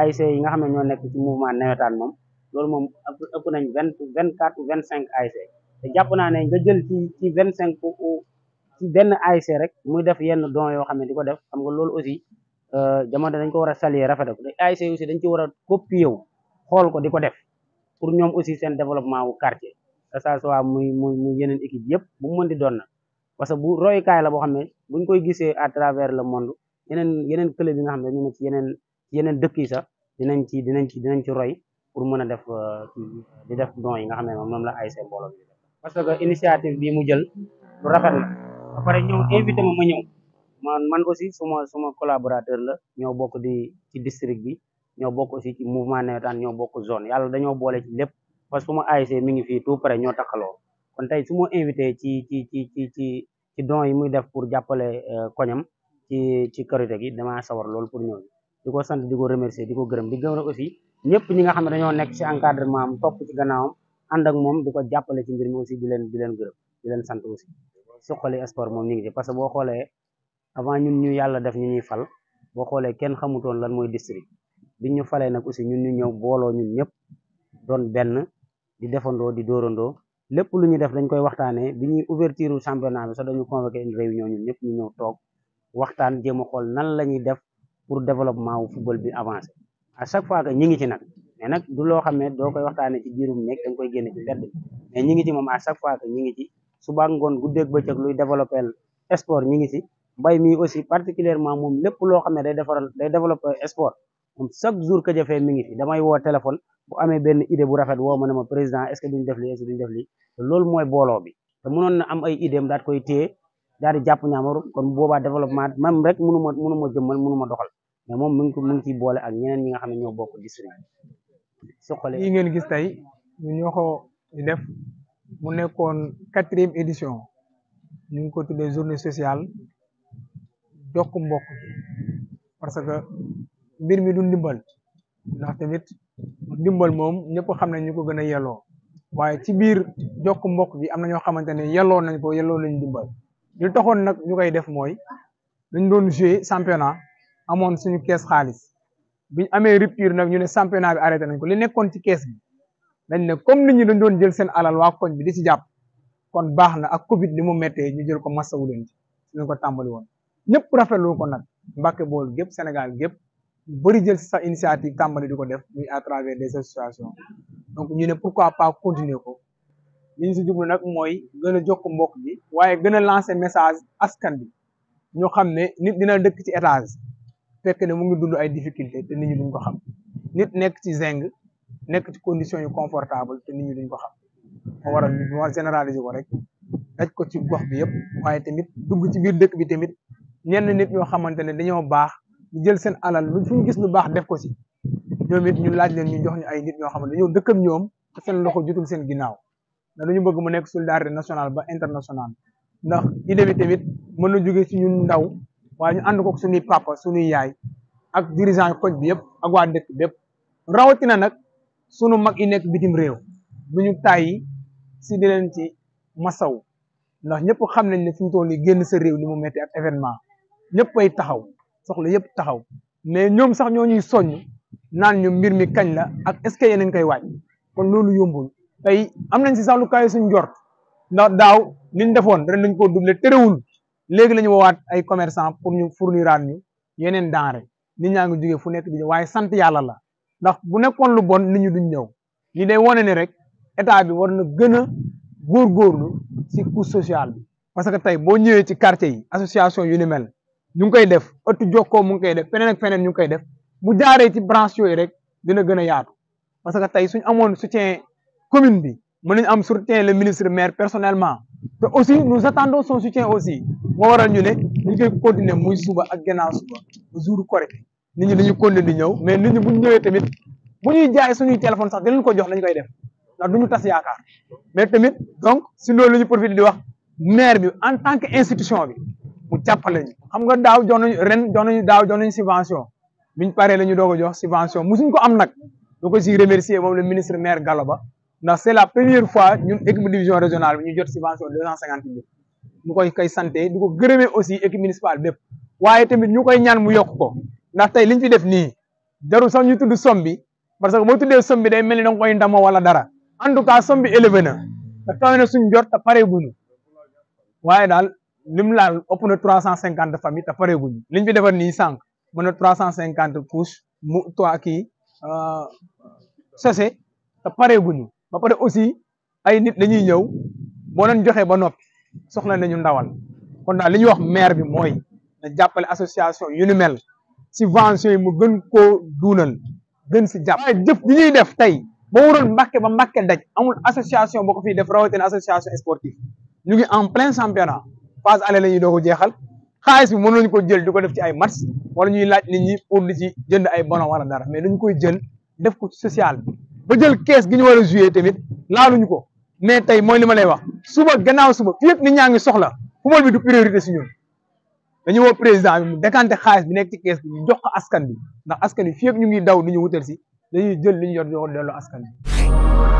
ASC yi nga xam ne ñoo nekk ci mouvement nawetaan moom loolu moom ëpp nañ vingt vingt quatre vingt cinq ASC te jàpp naa ne nga jël ci ci vingt cinq benn ASC rek muy def yenn don yoo xam ne di ko def xam nga loolu aussi euh, jamono dañ ko war a saluer rafetal ko te ASC aussi dañ ci war a copier wu xool ko di ko def pour ñoom aussi seen développement u quartier que ça soit muy muy muy yeneen équipe yëpp bu mu mën di doon na parce que bu royukaay la boo xam ne buñ koy gisee à yeneen dëkk yi sax dinañ ci dinañ ci dinañ ci roy pour mën a def euh, di def don yi nga xam ne moom moom la ASC mbooloo bi parce que initiative bi mu jël lu rafet la ba pare ñëw invité ma ma ñëw man man aussi suma suma collaborateur la ñoo bokk di ci district bi ñoo bokk aussi ci mouvement nawetaan ñoo bokk zone yàlla dañoo boole ci lépp parce que suma ASC mi ngi fii tout près ñoo takkaloo kon tey suma invité ci ci ci ci ci ci don yi muy def pour jàppale euh, koñam ci ci karité gi damaa sawar loolu pour ñëw di ko sant di ko remercier di ko gërëm di gërëm aussi ñëpp ñi nga xam ne dañoo nekk ci encadrement am topp ci gannaawam ànd ak moom di ko jàppale ci mbir mi aussi di leen di leen gërëm di leen sant aussi suqali sport moom ñu ngi ci parce que boo xoolee avant ñun ñu yàlla def ñu ñuy fal boo xoolee kenn xamutoon lan mooy district bi ñu falee nag aussi ñun ñu ñëw booloo ñun ñëpp doon benn di defandoo di dóorandoo lépp lu ñuy def dañ koy waxtaanee bi ñuy ouverture championnat bi sax dañu convoqué une réunion ñun ñëpp ñu toog waxtaan a xool nan pour développement wu football bi avancé à chaque fois que ñi ngi ci nag mais nag du loo xam ne doo koy waxtaanee ci biirum nekk da nga koy ngi ci moom à chaque fois que ñi ngi ci suba ngoon guddeeg bëccëg luy développé sport ñi ngi ci mbay mi aussi particulièrement moom lépp loo xam ne day defaral day développé sport moom chaque jour que jafee mi ngi damay woo téléphone bu amee benn idée bu rafet woo ma ne ma président est que duñ def lii est que duñ def lii loolu mooy booloo bi te mënoon na am ay idée am daal koy téye daal di kon boobaa développement même rek mënu ma mënu ma doxal mais moom mu ngi ko mu ngi boole ak ñeneen ñi nga xam ne ñoo bokk district su xoolee ngeen gis tey ñu ñoo ko def mu nekkoon quatrième édition ñu ngi ko tuddee journée sociale jokk mbokk parce que mbir mi du ndimbal ndax tamit ndimbal moom ñëpp xam nañ ñu ko gën a yelloo waaye ci biir jokk mbokk bi am na ñoo xamante ne yelloo nañ ko yelloo nañ ndimbal li taxoon nag ñu koy def mooy dañ doon jouer championnat amoon suñu kees xaalis biñ amee rupture nag ñu ne championnat bi arrêté nañ ko li nekkoon ci kees bi dañ ne comme nit ñu dañ doon jël seen alal waa koñ bi di ci jàpp kon baax na ak Covid li mu méttee ñu jël ko masawu leen ci suñu ko tàmbali woon ñëpp rafetlu ko nag Mbàkke bool gépp Sénégal gépp bari jël sa initiative tàmbali di ko def muy à des associations donc ñu ne pourquoi pas continuer ko li ñu si jublu nag mooy gën a jokk mbokk bi waaye gën a message askan bi ñu xam ne nit dina dëkk ci étage fekk ne mu ngi dund ay difficulté te nit ñi duñ ko xam nit nekk ci zinc nekk ci condition yu confortable te nit ñi duñ ko xam moo waral ñu généraliser ko rek daj ko ci gox bi yëpp waaye tamit dugg ci biir dëkk bi tamit ñenn nit ñoo xamante ne dañoo baax ñu jël seen alal lu fu ñu gis lu baax def ko si ñoom it ñu laaj leen ñu jox ñu ay nit ñoo xam ne dañoo dëkk ak ñoom te seen loxo jotul seen ginnaaw ndax dañu bëgg mu nekk solidarité nationale ba internationale ndax idée bi ndaw waa ñu ànd ko suñuy papa suñuy yaay ak dirigeant koñ bi yëpp ak waa dëkk bi rawatina nag sunu mag yi nekk bitim réew bu ñu tàyyi si di leen ci masaw ndax ñëpp xam nañ ne fi mu nii génn sa réew li mu metti ak événement ñëpp ay taxaw soxla yëpp taxaw mais ñoom sax ñooñu ñuy soññ naan ñu mbir mi kañ la ak est ce que yéen a koy waaj kon loolu yombul tey am nañ si sax lu kaay suñ ndax daaw liñ defoon ren dañ koo doublé terewul. léegi la ñu woowaat ay commerçant pour ñu fourniraat ñu yeneen denrée ni ñaa ngi jógee fu nekk di ñëw waaye sant yàlla la ndax bu nekkoon lu bon ni ñu duñ ñëw ñi day wane ne rek état bi war na gën a góorgóorlu si couche sociale bi parce que tey boo ñëwee ci quartier yi association yu ni mel ñu ngi koy def ëttu jokkoo mu ngi koy def feneen ak feneen ñu ngi koy def bu jaaree ci branche yooyu rek dina gën a yaatu parce que tey suñu amoon soutien commune bi mën nañu am soutien le ministre maire personnellement te aussi nous attendons son soutien aussi moo waral ñu ne dañ koy mu muy suba ak gannaaw suba ba jour Korité nit ñi dañu continuer di ñëw mais nit ñi bu ñu ñëwee tamit mu ñuy jaay suñuy téléphone sax dinañ ko jox lañu koy def ndax du ñu tas yaakaar mais tamit donc si loolu la ñu profité di wax maire bi en tant que institution bi mu jàppale ñu. xam nga daaw jox nañu ren jox nañu daaw jox nañu subvention biñ paree la ñu doog a jox subvention musuñ ko am nag doo ko siy remercier moom le ministre maire Gallo Ba ndax c'est la première fois ñu équipe division régionale bi ñu jot subvention deux cent cinquante mille mu koy kay santé di ko gërëmee aussi équipe municipale bépp waaye tamit ñu koy ñaan mu yokk ko ndaxte tey liñ fi def nii jarul sax ñu tudd somme bi parce que boo tuddee somme bi day mel ni da nga koy ndamoo wala dara en tout cas somme bi élevé na te kawe na suñ jot te waaye daal lim laal ëpp na trois cent cinquante famille te pareeguñu liñ fi defar nii sànq mën na trois cent cinquante couche mu toi kii euh, sose te pareeguñu ba pare aussi ay nit dañuy ñëw boo leen joxe ba noppi soxla nañu ndawal kon daal li ñuy wax maire bi mooy na jàppale association yu ni mel subvention yi mu gën koo duunal gën si jàpp waaye jëf bi ñuy def tey ba waroon Mbàkke ba Mbàkke daj amul association boo ko fiy def rawatina association sportive ñu ngi en plein championnat phase aller la ñuy doog jeexal xaalis bi mënoon nañu ko jël di ko def ci ay match wala ñuy laaj nit ñi pour di ci jënd ay bonhom wala dara mais dañu koy jël def ko social bi ba jël kees gi ñ war a joué tamit laaluñu ko mais tey mooy li ma lay wax suba gannaaw suba fi yëpp nit ñaa ngi soxla football bi du priorité si ñun dañu woo président bi mu décanté xaalis bi nekk ci kees bi ñu jox ko askan bi ndax askan bi fi ñu ngi daw du ñu wutal si dañuy jël li ñu yor delloo askan bi